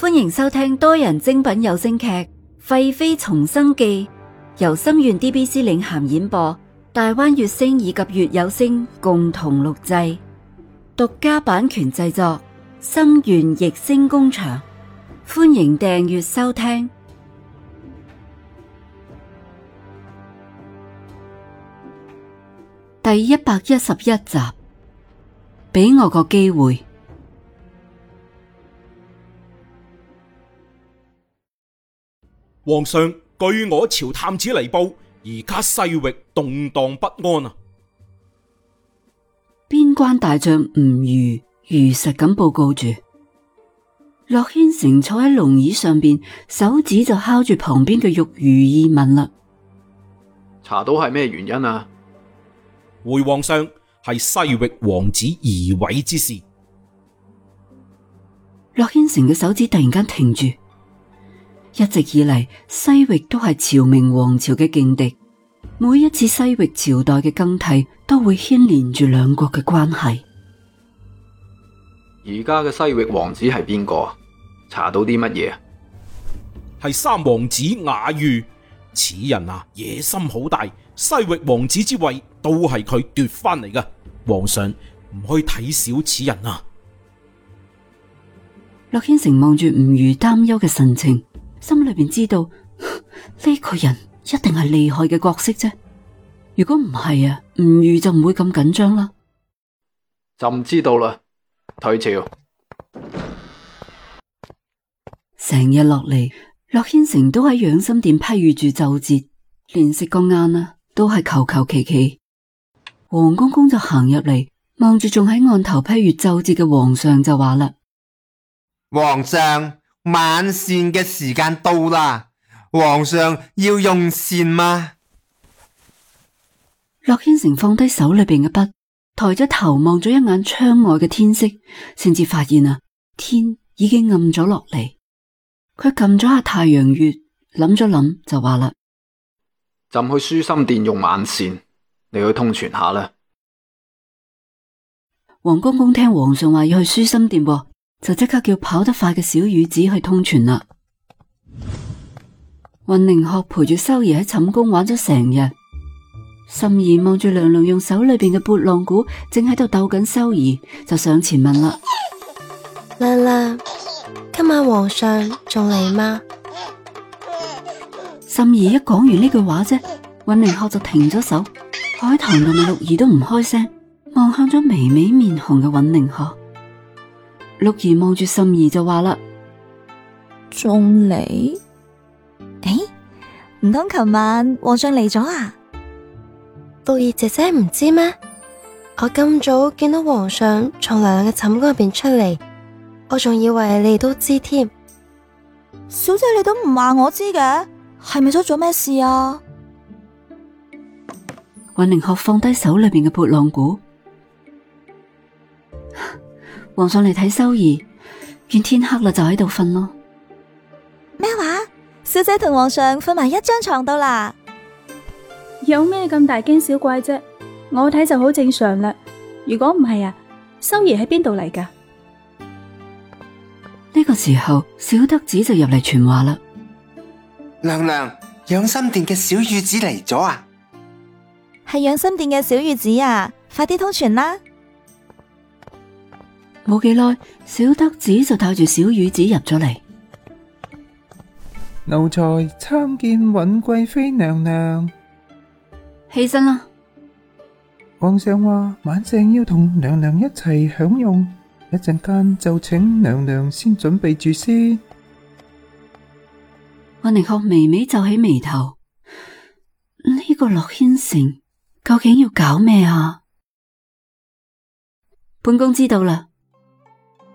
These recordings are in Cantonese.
歡迎收聽多人精品有聲劇《廢妃重生記》，由心願 DBC 領銜演播，大灣月星以及月有聲共同錄製，獨家版權製作，心願逸星工廠。歡迎訂閱收聽第一百一十一集，俾我個機會。皇上，據我朝探子嚟報，而家西域動盪不安啊！邊關大將吳如如實咁報告住。洛軒成坐喺龍椅上邊，手指就敲住旁邊嘅玉如意，問啦：查到係咩原因啊？回皇上，係西域王子移位之事。洛軒成嘅手指突然間停住。一直以嚟，西域都係朝明王朝嘅勁敵。每一次西域朝代嘅更替，都會牽連住兩國嘅關係。而家嘅西域王子係邊個？查到啲乜嘢？係三王子雅裕，此人啊，野心好大，西域王子之位都係佢奪翻嚟噶。皇上唔可以睇小此人啊！洛軒成望住吳如擔憂嘅神情。心裏邊知道呢個人一定係厲害嘅角色啫。如果唔係啊，吳遇就唔會咁緊張啦。就唔知道啦，退朝。成日落嚟，駱千成都喺養心殿批閱住奏折，連食個晏啊都係求求其其。黃公公就行入嚟，望住仲喺案頭批閱奏折嘅皇上就話啦：，皇上。晚膳嘅時間到啦，皇上要用膳嗎？洛軒成放低手裏邊嘅筆，抬咗頭望咗一眼窗外嘅天色，先至發現啊，天已經暗咗落嚟。佢撳咗下太陽穴，諗咗諗就話啦：，朕去舒心殿用晚膳，你去通傳下啦。黃公公聽皇上話要去舒心殿，啊，噃。就即刻叫跑得快嘅小雨子去通傳啦。尹寧鶴陪住修兒喺寢宮玩咗成日，心儀望住娘娘，用手裏邊嘅撥浪鼓正喺度逗緊修兒，就上前問啦：娘娘，今晚皇上仲嚟嗎？心儀一講完呢句話啫，尹寧鶴就停咗手，海棠同陸兒都唔開聲，望向咗微微面紅嘅尹寧鶴。六兒望住心儀就話啦：仲嚟？誒、欸，唔通琴晚皇上嚟咗啊？六兒姐姐唔知咩？我咁早見到皇上從娘娘嘅寢宮入邊出嚟，我仲以為你哋都知添。小姐你都唔話我知嘅，係咪出咗咩事啊？云寧鶴放低手裏邊嘅撥浪鼓。皇上嚟睇修兒，見天黑啦，就喺度瞓咯。咩話？小姐同皇上瞓埋一張床度啦，有咩咁大驚小怪啫？我睇就好正常啦。如果唔係啊，修兒喺邊度嚟噶？呢個時候，小德子就入嚟傳話啦。娘娘，養心殿嘅小玉子嚟咗啊！係養心殿嘅小玉子啊，快啲通傳啦！冇幾耐，小德子就帶住小雨子入咗嚟。奴才參見尹貴妃娘娘，起身啦，啊。皇上話晚上要同娘娘一齊享用，一陣間就請娘娘先準備住先。溫寧學微微皺起眉頭，呢、這個樂軒城究竟要搞咩啊？本宮知道啦。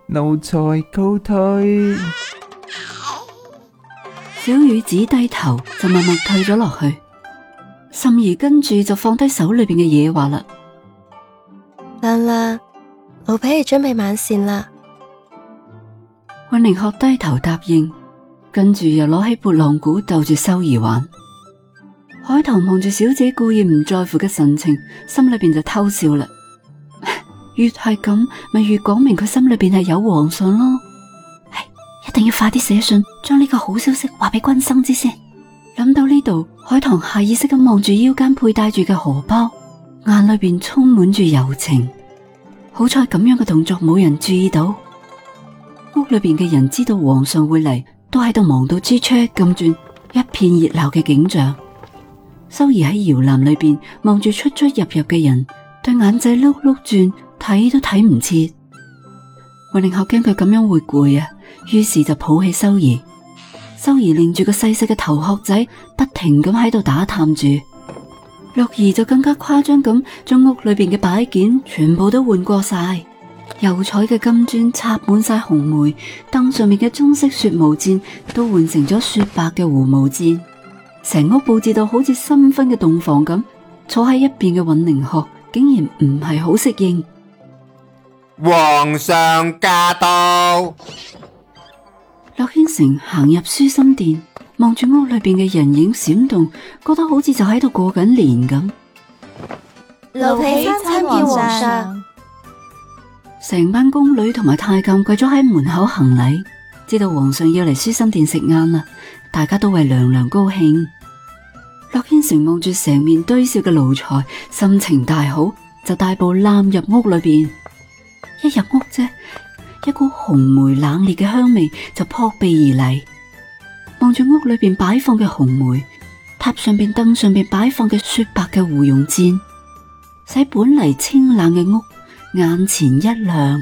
奴才告退。小雨子低頭就默默退咗落去，甚至跟住就放低手裏邊嘅嘢，話啦：，啦啦，奴婢係準備晚膳啦。運靈鶴低頭答應，跟住又攞起撥浪鼓逗住修兒玩。海棠望住小姐故意唔在乎嘅神情，心裏邊就偷笑啦。越係咁，咪越講明佢心裏邊係有皇上咯。唉，一定要快啲寫信，將呢個好消息話俾君生知先。諗到呢度，海棠下意識咁望住腰間佩戴住嘅荷包，眼裏邊充滿住柔情。好彩咁樣嘅動作冇人注意到，屋裏邊嘅人知道皇上會嚟，都喺度忙到支車咁轉，一片熱鬧嘅景象。修兒喺搖籃裏邊望住出出入入嘅人，對眼仔碌碌轉。睇都睇唔切，尹寧學驚佢咁樣會攰啊，於是就抱起修兒，修兒擰住個細細嘅頭殼仔，不停咁喺度打探住。六兒就更加誇張咁，將屋裏邊嘅擺件全部都換過晒，油彩嘅金磚插滿晒紅梅，凳上面嘅棕色雪毛氈都換成咗雪白嘅胡毛氈，成屋布置到好似新婚嘅洞房咁。坐喺一邊嘅尹寧學竟然唔係好適應。皇上駕到，洛軒成行入舒心殿，望住屋裏邊嘅人影閃動，覺得好似就喺度過緊年咁。奴婢參見皇上，成班宮女同埋太監跪咗喺門口行禮，知道皇上要嚟舒心殿食晏啦，大家都為娘娘高興。洛軒成望住成面堆笑嘅奴才，心情大好，就大步攬入屋裏邊。一入屋啫，一股紅梅冷冽嘅香味就撲鼻而嚟。望住屋裏邊擺放嘅紅梅，榻上邊凳上邊擺放嘅雪白嘅胡蓉氈，使本嚟清冷嘅屋眼前一亮。